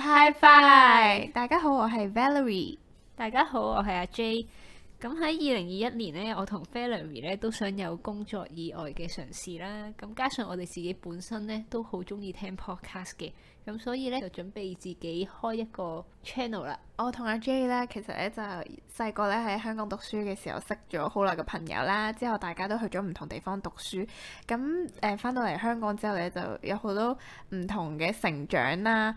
Hi，Hi，大家好，我係 Valerie。大家好，我係阿 J。咁喺二零二一年呢，我同 Valerie 咧都想有工作以外嘅嘗試啦。咁加上我哋自己本身呢都好中意聽 podcast 嘅，咁所以呢就準備自己開一個 channel 啦。我同阿 J 咧，其實咧就細個咧喺香港讀書嘅時候識咗好耐嘅朋友啦。之後大家都去咗唔同地方讀書，咁誒翻到嚟香港之後咧就有好多唔同嘅成長啦。